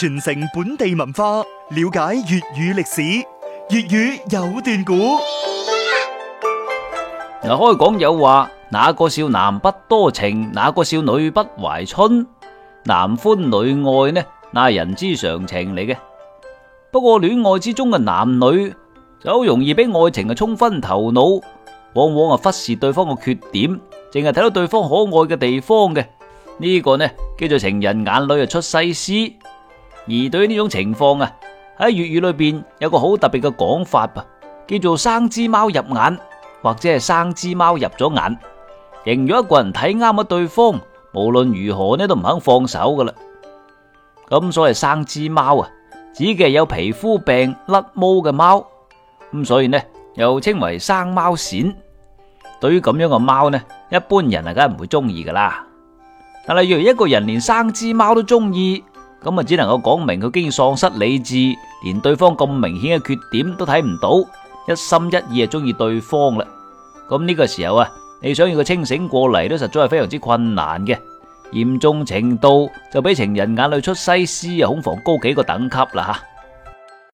傳承本地文化，了解粵語歷史，粵語有段古。嗱，開講有話，哪個少男不多情，哪個少女不懷春，男歡女愛呢？那係，人之常情嚟嘅。不過戀愛之中嘅男女就好容易俾愛情啊沖昏頭腦，往往啊忽視對方嘅缺點，淨係睇到對方可愛嘅地方嘅呢、呢個呢，叫做情人眼裏啊出西施」。而對於呢種情況啊，喺粵語裏邊有個好特別嘅講法啊，叫做生滋貓入眼，或者係生滋貓入咗眼，形容一個人睇啱咗對方，無論如何呢都唔肯放手噶啦。咁所謂生滋貓啊，指嘅係有皮膚病甩毛嘅貓，咁所以呢又稱為生貓癬。對於咁樣嘅貓呢，一般人係梗係唔會中意噶啦。但係如一個人連生滋貓都中意。咁啊，只能夠講明佢竟然喪失理智，連對方咁明顯嘅缺點都睇唔到，一心一意啊中意對方啦。咁呢個時候啊，你想要佢清醒過嚟，都實在係非常之困難嘅。嚴重程度就比情人眼裏出西施又恐防高幾個等級啦吓。